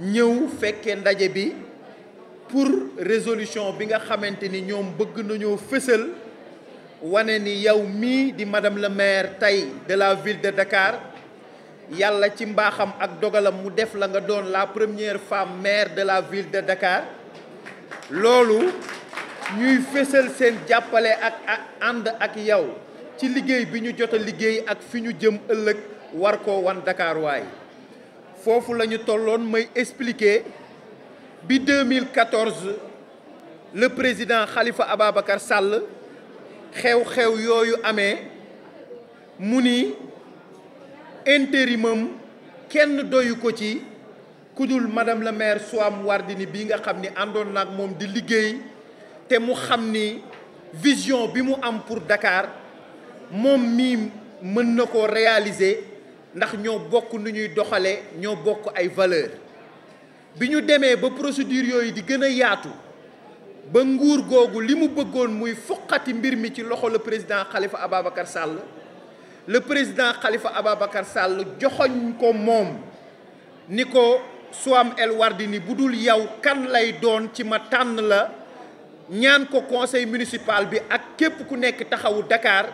ñëw fekke ndaje bi pour résolution bi nga xamante ni ñoom bëgg nañoo fësal wane ni yow mii di madame la maire tey de la ville de Dakar yàlla ci mbaaxam ak dogalam mu def la nga doon la première femme maire de la ville de Dakar loolu ñuy fësal seen jàppale ak ànd ak yow ci liggéey bi ñu jot liggéey ak fi ñu jëm ëllëg war ko wan Dakar waay foofu la ñu tolloon may expliquer bi 2014 le président Khalifa Ababacar sàll xew-xew yooyu amee mu ni intérimam kenn doyu ko ci kudul madame la su am Wardini bi nga xam ni àndoon ak moom di liggéey te mu xam ni vision bi mu am pour Dakar moom mii mën na ko réaliser ndax ñoo bokk nu ñuy doxalee ñoo bokk ay valeur bi ñu demee ba procédure yooyu di gën a yaatu ba nguur googu li mu bëggoon muy foqati mbir mi ci loxo la président Khalifa Ababacar sàll le président Khalifa Ababacar sàll joxoñ ko moom ni ko Soham El Wardini bu dul yow kan lay doon ci ma tànn la ñaan ko conseil municipal bi ak képp ku nekk taxawu dakaar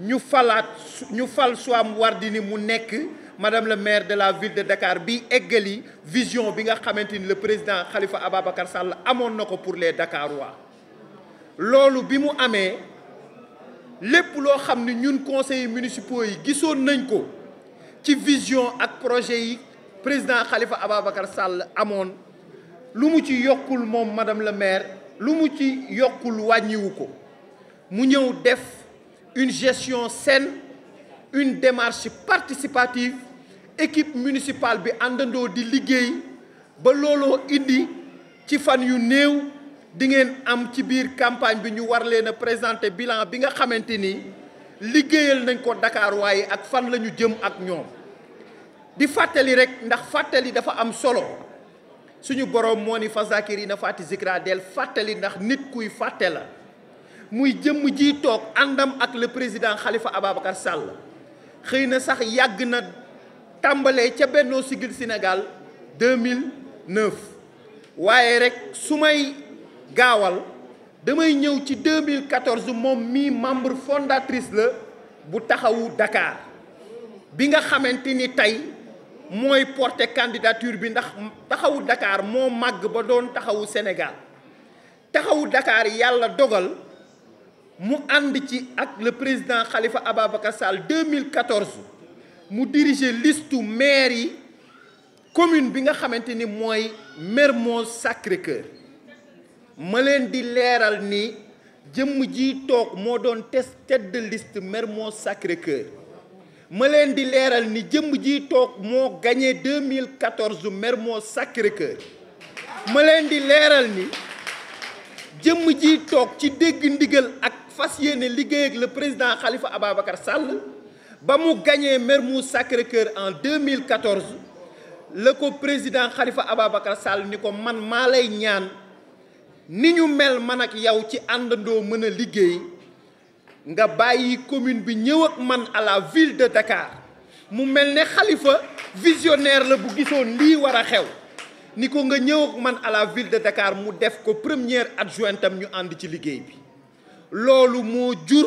ñu falaat ñu fal Soham Wardini mu nekk madame le maire de la ville de Dakar bi eggali vision bi nga xamante ni le président xalifa Ababacar Sall amoon na ko pour lee les Dakarois loolu bi mu amee lépp loo xam ne ñun conseillers municipaux yi gisoon nañ ko ci vision ak projet yi président xalifa Ababacar Sall amoon lu mu ci yokkul moom madame le maire lu mu ci yokkul wàññiwu ko mu ñëw def une gestion saine une démarche participative équipe municipale bi àndandoo di liggéey ba looloo indi ci fan yu néew di ngeen am ci biir campagne bi ñu war leen a bilan bi nga xamante ni liggéeyal nañ ko Dakar waaye ak fan lañu jëm ak ñoom di fàttali rek ndax fàttali dafa am solo suñu boroom moo ni fa zakirina na zikra del fàttali ndax nit kuy fàtte la muy jëmm ji toog àndam ak le président xalifa Ababacar Sall xëy na sax yàgg na tàmbalee ca Bennoo Siggil Sénégal 2009 waaye rek su may gaawal damay ñëw ci 2014 moom mii membre fondatrice la bu taxawu Dakar bi nga xamante ni tey mooy porte candidature bi ndax taxawu dakaar moo màgg ba doon taxawu Sénégal taxawu Dakar yàlla dogal mu ànd ci ak le président Khalifa Ababacar Sall 2014 mu diriger listu maire yi commune bi nga xamante ni mooy Mermoz Sacré-Cœur ma leen di leeral ni jëmm ji toog moo doon test tête de liste Mermoz Sacré-Cœur ma leen di leeral ni jëmm ji toog moo gagné 2014 Mermoz Sacré-Cœur ma leen di leeral ni jëmm ji toog ci dégg ndigal fas yéene liggéey ak le président Khalifa Ababacar Sall ba mu gagné Mermoz Sacré-Cœur en 2014 la ko président Khalifa Ababacar Sall ni ko man maa lay ñaan ni ñu mel man ak yow ci àndandoo mën liggéey nga bàyyi commune bi ñëw man à la ville de Dakar mu mel ne xalifa visionnaire la bu gisoon lii war a xew ni ko nga ñëw ak man à la ville de Dakar mu def ko première adjointam ñu ànd ci liggéey bi loolu moo jur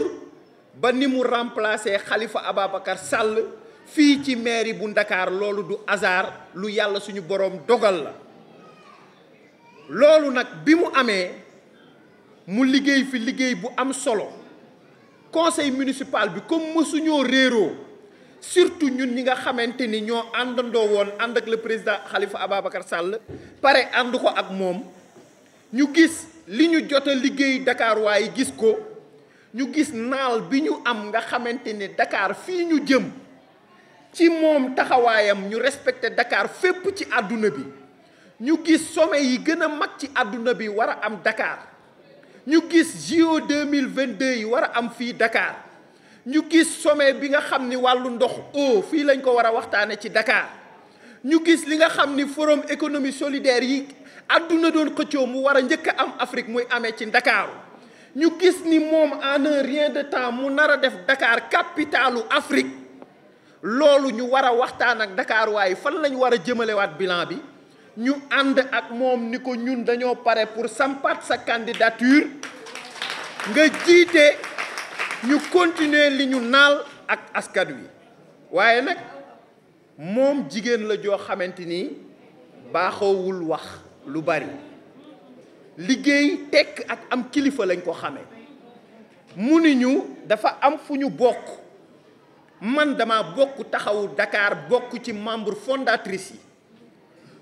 ba ni mu remplacer xalifa Ababacar sàll fii ci mairie bu Ndakaar loolu du hasard lu yàlla suñu boroom dogal la loolu nag bi mu amee mu liggéey fi liggéey bu am solo conseil municipal bi comme mësuñoo réeroo surtout ñun ñi nga xamante ni ñoo àndandoo woon ànd ak le président xalifa Ababacar sàll pare ànd ko ak moom ñu gis li ñu jot a liggéey Dakar waaye gis ko ñu gis naal bi ñu am nga xamante ne Dakar fii ñu jëm ci moom taxawaayam ñu respecté Dakar fépp ci àdduna bi ñu gis sommet yi gën a mag ci àdduna bi war a am Dakar ñu gis mille JO 2022 yi war a am fii Dakar ñu gis sommet bi nga xam ni wàllu ndox eau fii lañ ko war a waxtaane ci Dakar ñu gis li nga xam ni forum économie solidaire yi àdduna doon xëccoo mu war a njëkk am Afrique muy amee ci Ndakaaru ñu gis ni moom en rien de temps mu nar a def Dakar capitalu Afrique loolu ñu war a waxtaan ak Dakar waaye fan lañu war a jëmalewaat bilan bi ñu ànd ak moom ni ko ñun dañoo pare pour sampaat sa candidature nga jiite ñu continuer li ñu naal ak askan wi waaye nag moom jigéen la joo xamante ni baaxoowul wax lu bari liggéey tekk ak am kilifa lañ ko xamee mu ni ñu dafa am fu ñu bokk man dama bokk taxawu Dakar bokk ci membre fondatrice yi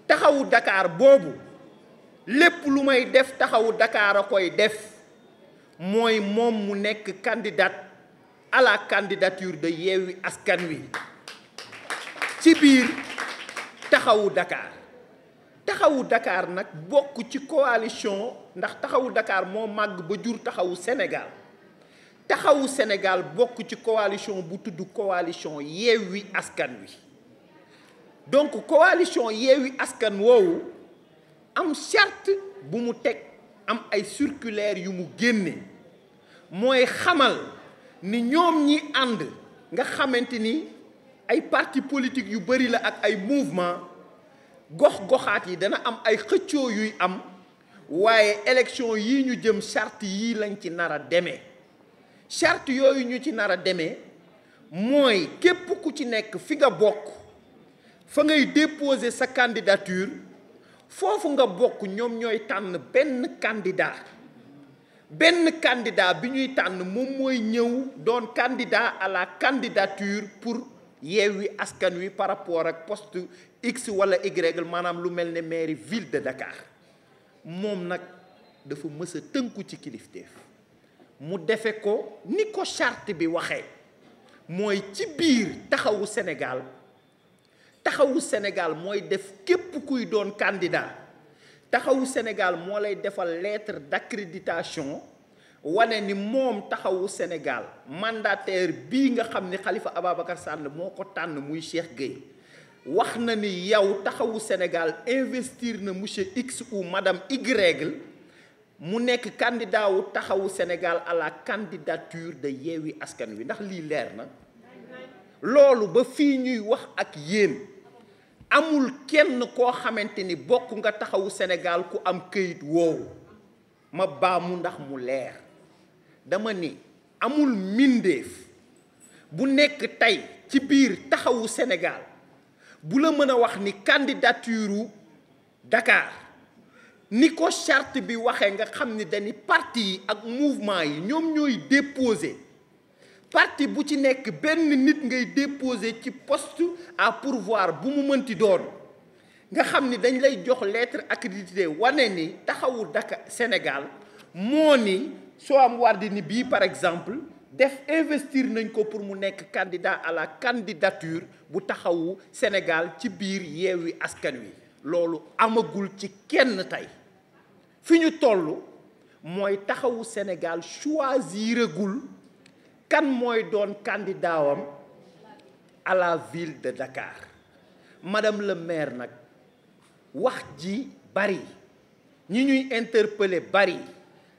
taxawu Dakar boobu lépp lu may def taxawu Dakar a koy def mooy moom mu nekk candidate à la candidature de Yewwi Askan Wi ci biir taxawu Dakar taxawu dakaar nag bokk ci coalition ndax taxawu dakaar moo màgg ba jur taxawu Sénégal taxawu Sénégal bokk ci coalition bu tudd coalition Yewwi Askan Wi donc coalition yeewi Askan woowu am charte bu mu teg am ay circulaire yu mu génne mooy xamal ni ñoom ñi ànd nga xamante ni ay parti politique yu bëri la ak ay mouvement gox-goxaat yi dana am ay xëccoo yuy am waaye élection yi ñu jëm charte yii lañ ci nar a demee charte yooyu ñu ci nar a demee mooy képp ku ci nekk fi nga bokk fa ngay déposer sa candidature foofu nga bokk ñoom ñooy tànn benn candidat benn candidat bi ñuy tànn moom mooy ñëw doon candidat à la pour Yewwi Askan Wi par rapport ak poste x wala y maanaam lu mel ne mairie ville de Dakar moom nag dafa mës a tënku ci kilifteef mu defe ko ni ko charte bi waxee mooy ci biir taxawu Sénégal taxawu Sénégal mooy def képp kuy doon candidat taxawu Sénégal moo lay defal lettre d'accréditation wane ni moom taxawu Sénégal mandataire bii nga xam ni xalifa Ababacar sànn moo ko tànn muy Cheikh Gueye wax na ni yow taxawu Sénégal investir na monsieur X ou madame Y mu nekk candidat taxawu Sénégal à kandidatur candidature de Yewwi Askan Wi ndax lii leer na loolu ba fi ñuy wax ak yéen amul kenn koo xamante ni bokk nga taxawu Sénégal ku am këyit woowu ma baamu ndax mu leer dama ni amul mbindeef bu nekk tey ci biir taxawu Sénégal bu la mën a wax ni candidature Dakar ni ko chart bi waxee nga xam ni dañi parti yi ak mouvement yi ñoom ñooy déposé parti bu ci nekk benn nit ngay déposé ci poste à pourvoir bu mu mënti doon nga xam ni dañ lay jox lettre accréditée wane ni taxawu daka Sénégal moo ni Soham Wardini bii par exemple def investir nañ ko pour mu nekk candidat à la candidature bu taxawu Sénégal ci biir Yewwi Askan Wi loolu amagul ci kenn tey fi ñu toll mooy taxawu Sénégal choisiragul kan mooy doon kandidaawam wam à la ville de Dakar madame le maire nag wax ji bari ñi ñuy interpeller bari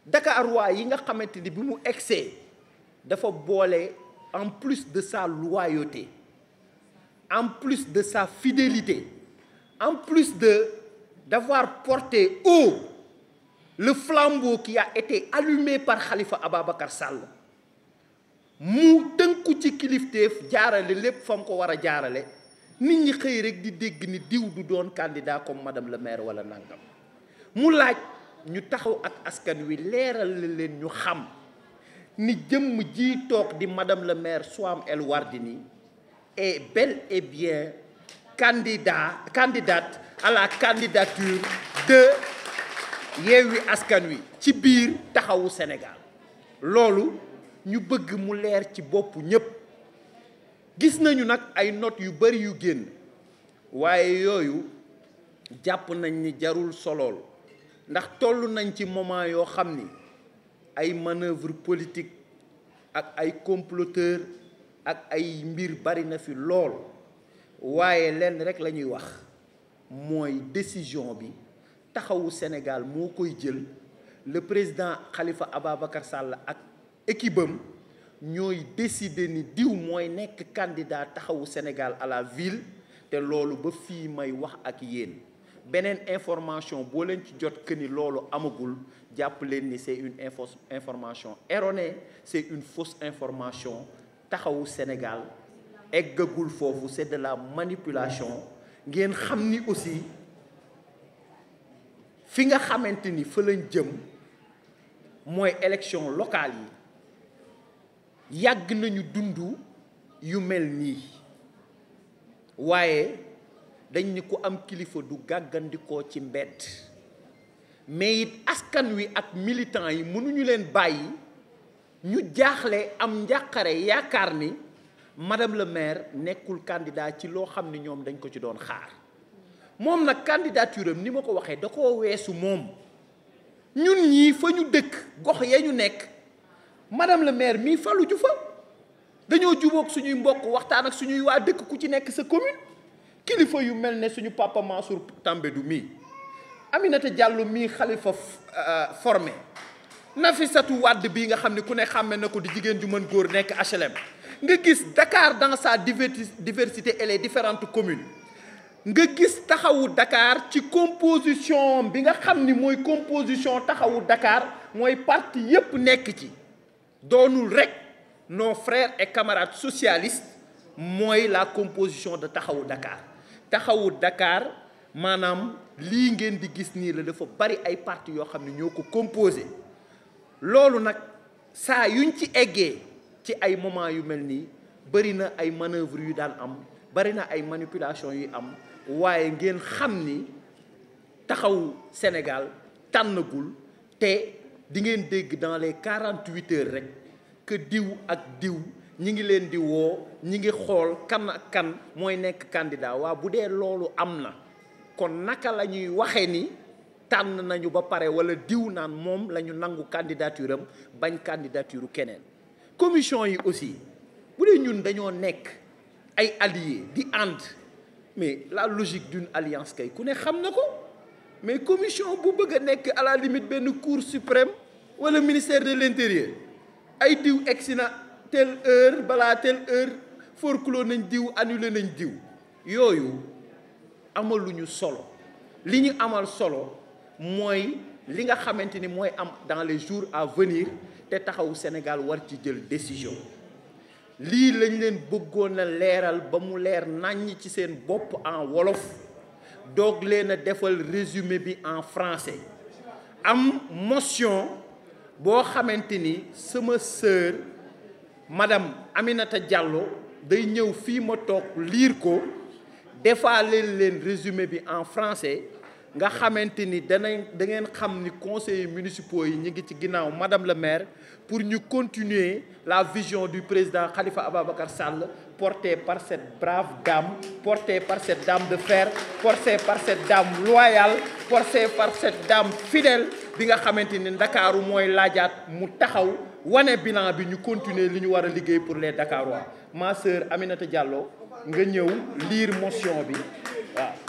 Dakarois yi nga xamante ni bi mu egsee dafa boole en plus de sa loyauté en plus de sa fidélité en plus de d'avoir porté haut le flambeau qui a été allumé par Khalifa Ababacar Sall mu tënku ci kilifteef jaarale lépp fa mu ko war a jaarale nit ñi xëy rek di dégg ni diw du doon candidat comme madame le maire wala nangam mu laaj. ñu taxaw ak askan wi leeral leen ñu xam ni jëmm ji toog di madame le maire Soham El Wardini est bel et bien candidat candidate à la candidature de Yewwi Askan Wi ci biir taxawu Sénégal loolu ñu bëgg mu leer ci bopp ñépp gis nañu nag ay notes yu bari yu génn waaye yooyu jàpp nañ ni jarul solool ndax toll nañ ci moment yoo xam ni ay manœuvre politique ak ay comploteur ak ay mbir bari na fi lool waaye lenn rek la ñuy wax mooy décision bi taxawu Sénégal moo koy jël le président xalifa Ababacar Sall ak équipe ñooy décider ni diw mooy nekk candidat taxawu Sénégal à la ville te loolu ba fii may wax ak yéen beneen information boo leen ci jot que ni loolu amagul jàpp leen ni c'est une info information erronée c'est une fausse information taxawu Sénégal eggagul foofu c'est de la manipulation ngeen xam ni aussi fi nga xamante ni fa jëm mooy élection locale yi yàgg nañu dundu yu mel nii waaye dañ ni ku am kilifa du gàggandikoo ci mbedd mais it askan wi ak militant yi mënuñu leen bàyyi ñu jaaxle am njàqare yaakaar ni madame le maire nekkul candidat ci loo xam ne ñoom dañ ko ci doon xaar moom nag candidature am ni ma ko waxee da ko weesu moom ñun ñii fa ñu dëkk gox ya ñu nekk madame le maire mii falu ju fa dañoo jubóog suñuy mbokk waxtaan ak suñuy waa dëkk ku ci nekk sa commune kilifa yu mel ne suñu papa Mansour Tambédou mii Aminata Diallo mii xalifa euh, formé Nafissatou wadd bii nga xam ne ku ne xàmme na ko di jigéen ju mën góor nekk HLM nga gis Dakar dans sa diversité et les différentes communes nga gis taxawu Dakar ci composition bi nga xam ni mooy composition taxawu dakaar mooy parti yépp nekk ci doonul rek nos frères et camarades socialistes mooy la composition de taxawu dakaar taxawu dakaar maanaam lii ngeen di gis nii la dafa bari ay parti yoo xam ne ñoo ko composé loolu nag saa yuñ ci eggee ci ay moment yu mel nii bari na ay manœuvre yu daan am bari na ay manipulation yu am waaye ngeen xam ni taxawu Sénégal tànnagul te di ngeen dégg dans les quarante-huit heures rek que diw ak diw ñi ngi leen di woo ñi ngi xool kan ak kan mooy nekk candidat waa bu dee loolu am na kon naka la ñuy waxee ni tànn nañu ba pare wala diw naan moom la ñu nangu candidature am bañ candidature keneen commission yi aussi bu dee ñun dañoo nekk ay alliés di ànd mais la logique d'une alliance kay ku ne xam na ko mais commission bu bëgg a nekk à la limite benn cour suprême wala ministère de l'intérieur ay diw egsi na telle heure balaa telle heure forclos nañ diw annulé nañ diw yooyu amaluñu solo li ñu amal solo mooy li nga xamante ni mooy am dans les jours à venir te taxawu senegal war ci jël décision lii lañ leen bëggoon a leeral ba mu leer nàññ ci seen bopp en wolof doog leen a defal résumé bi en français am motion boo xamante ni sama sœur madame Aminata Diallo day ñëw fii ma toog liir ko defaaleel leen résumé bi en français nga xamante ni danañ da ngeen xam ni conseillers municipaux yi ñu ngi ci ginnaaw madame le maire pour ñu continuer la vision du président Khalifa Ababacar Sall porter par cette brave dame portée par cette dame de fer portée par cette dame loyale portée par cette dame fidèle bi nga xamante ni Ndakaaru mooy laajaat mu taxaw wane bilan bi ñu continuer li ñu war a liggéey pour les Dakarois ma sœur Aminata Diallo nga ñëw liir motion bi waaw